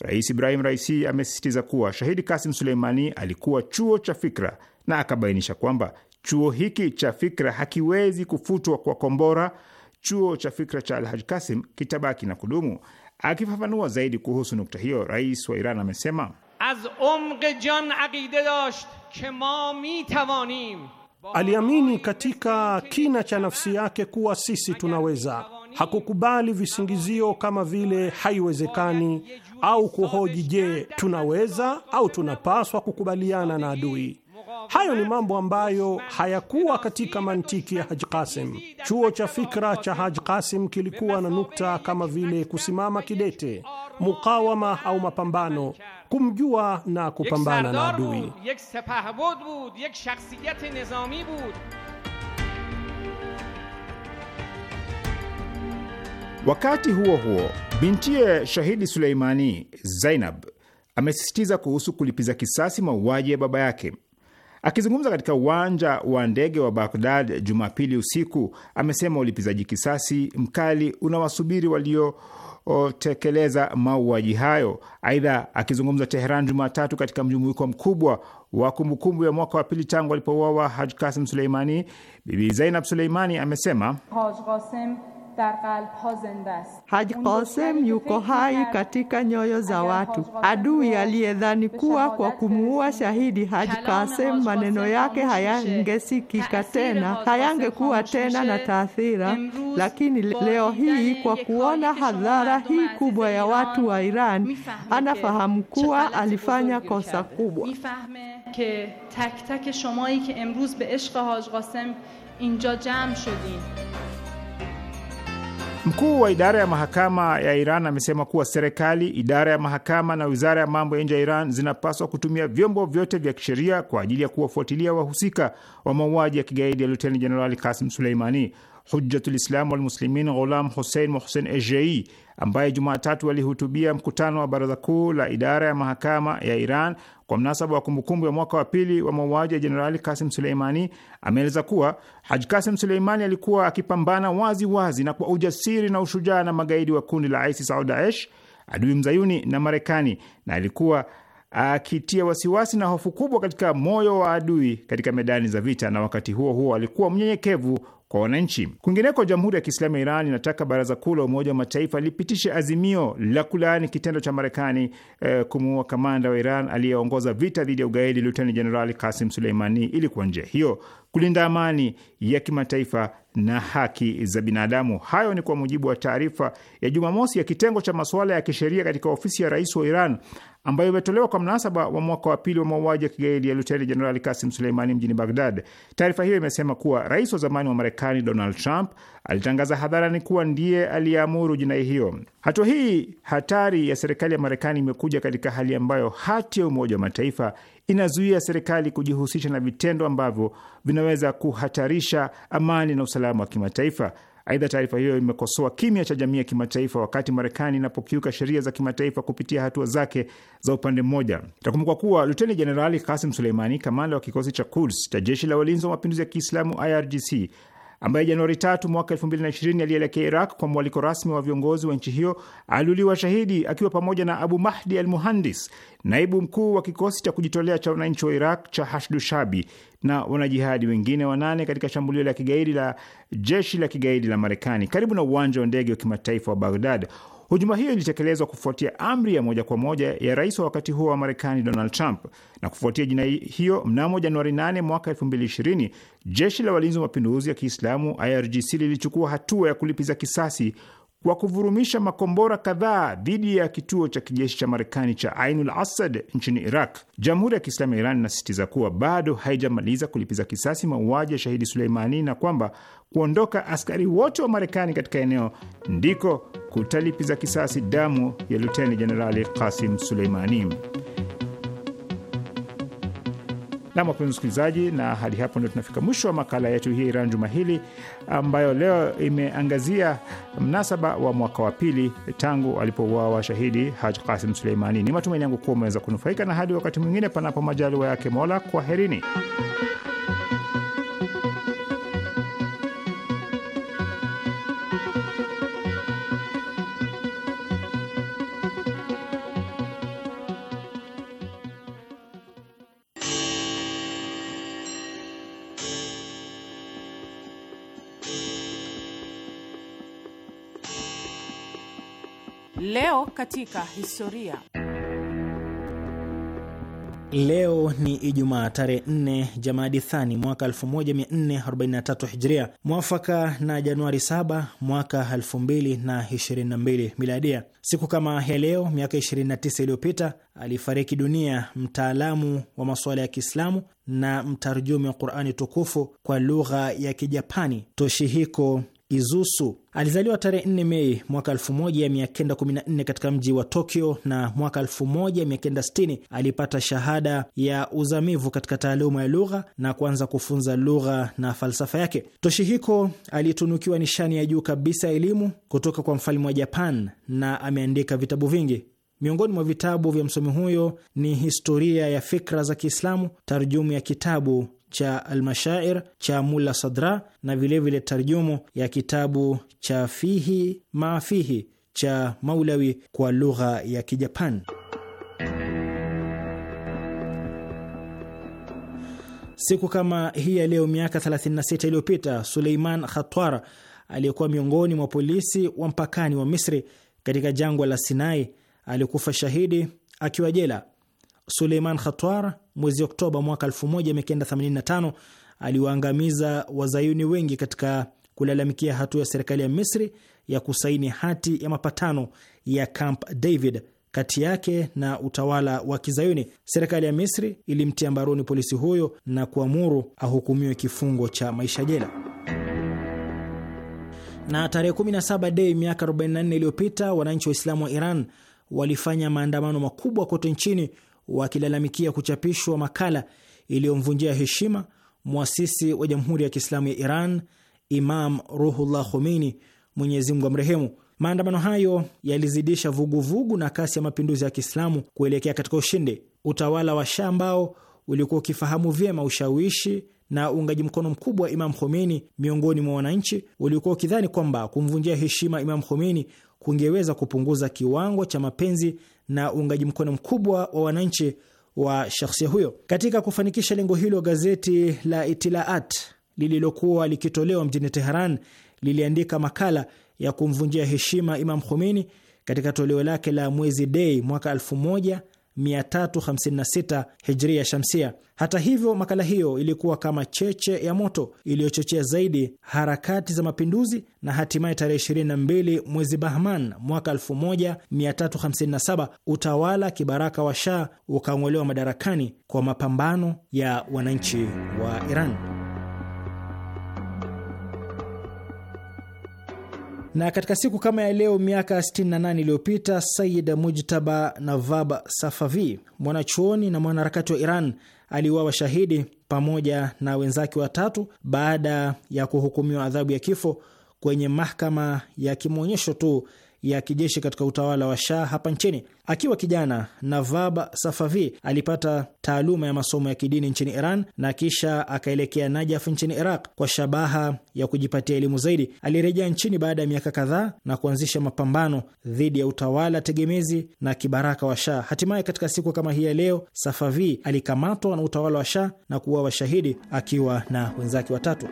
Rais Ibrahim Raisi amesisitiza kuwa shahidi Kasim Suleimani alikuwa chuo cha fikra na akabainisha kwamba Chuo hiki cha fikra hakiwezi kufutwa kwa kombora. Chuo cha fikra cha Alhaj Kasim kitabaki na kudumu. Akifafanua zaidi kuhusu nukta hiyo, rais wa Iran amesema az umqi jan aqide dasht ke ma mitavanim Aliamini katika kina cha nafsi yake kuwa sisi tunaweza. Hakukubali visingizio kama vile haiwezekani au kuhoji, je, tunaweza au tunapaswa kukubaliana na adui. Hayo ni mambo ambayo hayakuwa katika mantiki ya Haji Kasim. Chuo cha fikra cha Haji Kasim kilikuwa na nukta kama vile kusimama kidete, mukawama au mapambano, kumjua na kupambana na adui. Wakati huo huo, bintiye shahidi Suleimani, Zainab, amesisitiza kuhusu kulipiza kisasi mauaji ya baba yake. Akizungumza katika uwanja wa ndege wa Baghdad Jumapili usiku, amesema ulipizaji kisasi mkali unawasubiri waliotekeleza mauaji hayo. Aidha, akizungumza Teheran Jumatatu katika mjumuiko mkubwa wa kumbukumbu ya mwaka wa pili tangu alipouawa Haj Kasim Suleimani, Bibi Zainab Suleimani amesema Haj در قلبها Haji Qasem yuko hai katika nyoyo za watu. Adui aliyedhani kuwa kwa kumuua shahidi Haji Qasem maneno yake hayangesikika tena, hayangekuwa tena na taathira, lakini leo hii kwa kuona hadhara hii kubwa ya watu wa Iran anafahamu kuwa alifanya kosa kubwa. که تک تک شمایی که امروز به عشق حاج قاسم اینجا جمع Mkuu wa idara ya mahakama ya Iran amesema kuwa serikali, idara ya mahakama na wizara ya mambo ya nje ya Iran zinapaswa kutumia vyombo vyote vya kisheria kwa ajili ya kuwafuatilia wahusika wa mauaji ya kigaidi ya Luteni Jenerali Kasim Suleimani. Hujjatul Islam Ghulam Hussein Mohsen Ejei ambaye Jumatatu alihutubia mkutano wa baraza kuu la idara ya mahakama ya Iran kwa mnasaba wa kumbukumbu ya mwaka wa pili wa mauaji ya Jenerali Kasim Suleimani, ameeleza kuwa Haji Kasim Suleimani alikuwa akipambana wazi wazi na kwa ujasiri na ushujaa na magaidi wa kundi la ISIS au Daesh, adui mzayuni na Marekani, na alikuwa akitia wasiwasi na hofu kubwa katika moyo wa adui katika medani za vita, na wakati huo huo alikuwa mnyenyekevu kwa wananchi. Kwingineko, Jamhuri ya Kiislamu ya Iran inataka Baraza Kuu la Umoja wa Mataifa lipitishe azimio la kulaani kitendo cha Marekani eh, kumuua kamanda wa Iran aliyeongoza vita dhidi ya ugaidi Luteni Jenerali Kasim Suleimani ili kwa njia hiyo kulinda amani ya kimataifa na haki za binadamu. Hayo ni kwa mujibu wa taarifa ya Jumamosi ya kitengo cha masuala ya kisheria katika ofisi ya rais wa Iran ambayo imetolewa kwa mnasaba wa mwaka wa pili wa mauaji ya kigaidi ya luteni jenerali Kasim Suleimani mjini Bagdad. Taarifa hiyo imesema kuwa rais wa zamani wa Marekani Donald Trump alitangaza hadharani kuwa ndiye aliyeamuru jinai hiyo. Hatua hii hatari ya serikali ya Marekani imekuja katika hali ambayo hati ya Umoja wa Mataifa inazuia serikali kujihusisha na vitendo ambavyo vinaweza kuhatarisha amani na usalama wa kimataifa. Aidha, taarifa hiyo imekosoa kimya cha jamii ya kimataifa wakati Marekani inapokiuka sheria za kimataifa kupitia hatua zake za upande mmoja. Itakumbukwa kuwa Luteni Jenerali Kasim Suleimani, kamanda wa kikosi cha Quds cha jeshi la walinzi wa mapinduzi ya Kiislamu IRGC, ambaye Januari tatu mwaka elfu mbili na ishirini alielekea Iraq kwa mwaliko rasmi wa viongozi wa nchi hiyo, aliuliwa shahidi akiwa pamoja na Abu Mahdi al Muhandis, naibu mkuu wa kikosi cha kujitolea cha wananchi wa Iraq cha Hashdu Shabi na wanajihadi wengine wanane katika shambulio la kigaidi la jeshi la kigaidi la Marekani karibu na uwanja wa ndege wa kimataifa wa Baghdad. Hujuma hiyo ilitekelezwa kufuatia amri ya moja kwa moja ya rais wa wakati huo wa Marekani, Donald Trump. Na kufuatia jinai hiyo, mnamo Januari 8 mwaka 2020 jeshi la walinzi wa mapinduzi ya Kiislamu IRGC lilichukua hatua ya kulipiza kisasi kwa kuvurumisha makombora kadhaa dhidi ya kituo cha kijeshi cha Marekani cha Ainul Asad nchini Iraq. Jamhuri ya Kiislamu ya Iran inasisitiza kuwa bado haijamaliza kulipiza kisasi mauaji ya shahidi Suleimani na kwamba kuondoka askari wote wa Marekani katika eneo ndiko kutalipiza kisasi damu ya Luteni Jenerali Kasim Suleimani. Nam, wapenzi msikilizaji, na hadi hapo ndio tunafika mwisho wa makala yetu hii Iran juma hili, ambayo leo imeangazia mnasaba wa mwaka wa pili tangu alipouawa shahidi Haj Kasim Suleimani. Ni matumaini yangu kuwa umeweza kunufaika, na hadi wakati mwingine, panapo majaliwa yake Mola, kwaherini. katika historia. Leo ni Ijumaa tarehe 4 Jamadi Thani mwaka 1443 Hijria, mwafaka na Januari 7 mwaka 2022 Miladia. Siku kama ya leo miaka 29 iliyopita alifariki dunia mtaalamu wa masuala ya Kiislamu na mtarjumi wa Qurani tukufu kwa lugha ya Kijapani, Toshihiko Izusu alizaliwa tarehe 4 Mei mwaka 1914 katika mji wa Tokyo, na mwaka 1960 alipata shahada ya uzamivu katika taaluma ya lugha na kuanza kufunza lugha na falsafa yake. Toshihiko alitunukiwa nishani ya juu kabisa ya elimu kutoka kwa mfalme wa Japan na ameandika vitabu vingi. Miongoni mwa vitabu vya msomi huyo ni historia ya fikra za Kiislamu, tarjumu ya kitabu cha Almashair cha Mulla Sadra na vilevile vile tarjumu ya kitabu cha Fihi Maafihi cha Maulawi kwa lugha ya kijapan Siku kama hii ya leo miaka 36 iliyopita Suleiman Khatwar aliyekuwa miongoni mwa polisi wa mpakani wa Misri katika jangwa la Sinai alikufa shahidi akiwa jela. Suleiman Khatwar mwezi Oktoba mwaka 1985 aliwaangamiza wazayuni wengi katika kulalamikia hatua ya serikali ya Misri ya kusaini hati ya mapatano ya Camp David kati yake na utawala wa Kizayuni. Serikali ya Misri ilimtia mbaroni polisi huyo na kuamuru ahukumiwe kifungo cha maisha jela. Na tarehe 17 Dei miaka 44 iliyopita, wananchi Waislamu wa Iran walifanya maandamano makubwa kote nchini wakilalamikia kuchapishwa makala iliyomvunjia heshima mwasisi wa Jamhuri ya Kiislamu ya Iran, Imam Ruhullah Khomeini, Mwenyezi Mungu amrehemu. Maandamano hayo yalizidisha vuguvugu vugu na kasi ya mapinduzi ya Kiislamu kuelekea katika ushindi. Utawala wa Sha ambao ulikuwa ukifahamu vyema ushawishi na uungaji mkono mkubwa wa Imam Khomeini miongoni mwa wananchi, ulikuwa ukidhani kwamba kumvunjia heshima Imam Khomeini kungeweza kupunguza kiwango cha mapenzi na uungaji mkono mkubwa wa wananchi wa shakhsia huyo. Katika kufanikisha lengo hilo, gazeti la Itilaat lililokuwa likitolewa mjini Teheran liliandika makala ya kumvunjia heshima Imam Khomeini katika toleo lake la mwezi Dei mwaka 1 356 hijria shamsia. Hata hivyo, makala hiyo ilikuwa kama cheche ya moto iliyochochea zaidi harakati za mapinduzi na hatimaye tarehe 22 mwezi Bahman mwaka 1357 utawala kibaraka wa Shah ukang'olewa madarakani kwa mapambano ya wananchi wa Iran. Na katika siku kama ya leo miaka 68 iliyopita Sayid Mujtaba Navab Safavi, mwanachuoni na mwanaharakati wa Iran, aliuawa shahidi pamoja na wenzake watatu baada ya kuhukumiwa adhabu ya kifo kwenye mahakama ya kimwonyesho tu ya kijeshi katika utawala wa Shah hapa nchini. Akiwa kijana, Navab Safavi alipata taaluma ya masomo ya kidini nchini Iran na kisha akaelekea Najaf nchini Iraq kwa shabaha ya kujipatia elimu zaidi. Alirejea nchini baada ya miaka kadhaa na kuanzisha mapambano dhidi ya utawala tegemezi na kibaraka wa Shah. Hatimaye katika siku kama hii ya leo, Safavi alikamatwa na utawala wa Shah na kuwa washahidi akiwa na wenzake watatu.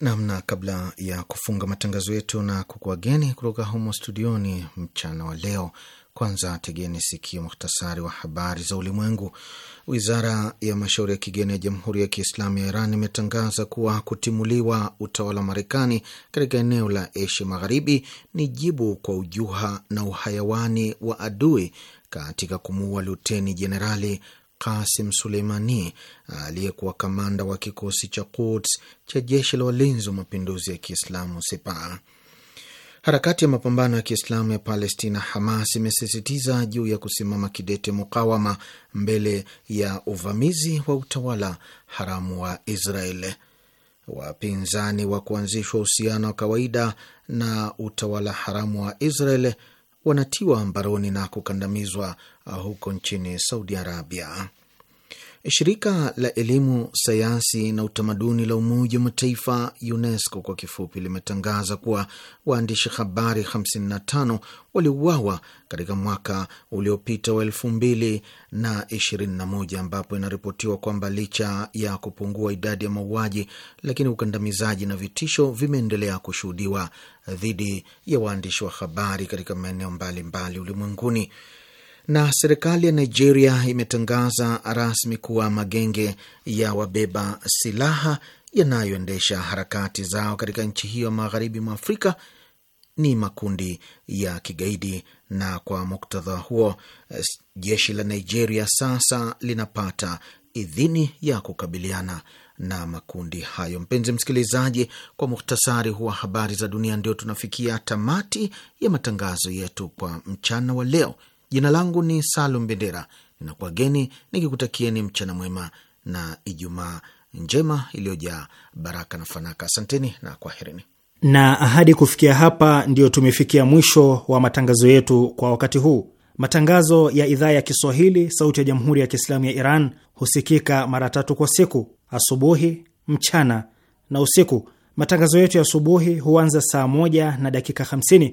namna kabla ya kufunga matangazo yetu na kukuageni kutoka humo studioni mchana wa leo, kwanza tegeni sikio muhtasari wa habari za ulimwengu. Wizara ya mashauri ya kigeni ya Jamhuri ya Kiislamu ya Iran imetangaza kuwa kutimuliwa utawala wa Marekani katika eneo la Asia Magharibi ni jibu kwa ujuha na uhayawani wa adui katika kumuua luteni jenerali Kasim Suleimani aliyekuwa kamanda wa kikosi cha Quds cha jeshi la walinzi wa mapinduzi ya Kiislamu Sepa. Harakati ya mapambano ya Kiislamu ya Palestina Hamas imesisitiza juu ya kusimama kidete mukawama mbele ya uvamizi wa utawala haramu wa Israel. Wapinzani wa kuanzishwa uhusiano wa kawaida na utawala haramu wa Israel wanatiwa mbaroni na kukandamizwa uh, huko nchini Saudi Arabia. Shirika la elimu, sayansi na utamaduni la Umoja wa Mataifa, UNESCO kwa kifupi, limetangaza kuwa waandishi habari 55 waliuawa katika mwaka uliopita wa 2021 ambapo inaripotiwa kwamba licha ya kupungua idadi ya mauaji, lakini ukandamizaji na vitisho vimeendelea kushuhudiwa dhidi ya waandishi wa habari katika maeneo mbalimbali ulimwenguni. Na serikali ya Nigeria imetangaza rasmi kuwa magenge ya wabeba silaha yanayoendesha harakati zao katika nchi hiyo magharibi mwa Afrika ni makundi ya kigaidi. Na kwa muktadha huo, jeshi la Nigeria sasa linapata idhini ya kukabiliana na makundi hayo. Mpenzi msikilizaji, kwa muhtasari huwa habari za dunia, ndio tunafikia tamati ya matangazo yetu kwa mchana wa leo. Jina langu ni Salum Bendera, geni nikikutakieni mchana mwema na Ijumaa njema iliyojaa baraka na fanaka. Asanteni na kwaherini. Na ahadi kufikia hapa, ndiyo tumefikia mwisho wa matangazo yetu kwa wakati huu. Matangazo ya idhaa ya Kiswahili sauti ya jamhuri ya Kiislamu ya Iran husikika mara tatu kwa siku: asubuhi, mchana na usiku. Matangazo yetu ya asubuhi huanza saa moja na dakika 50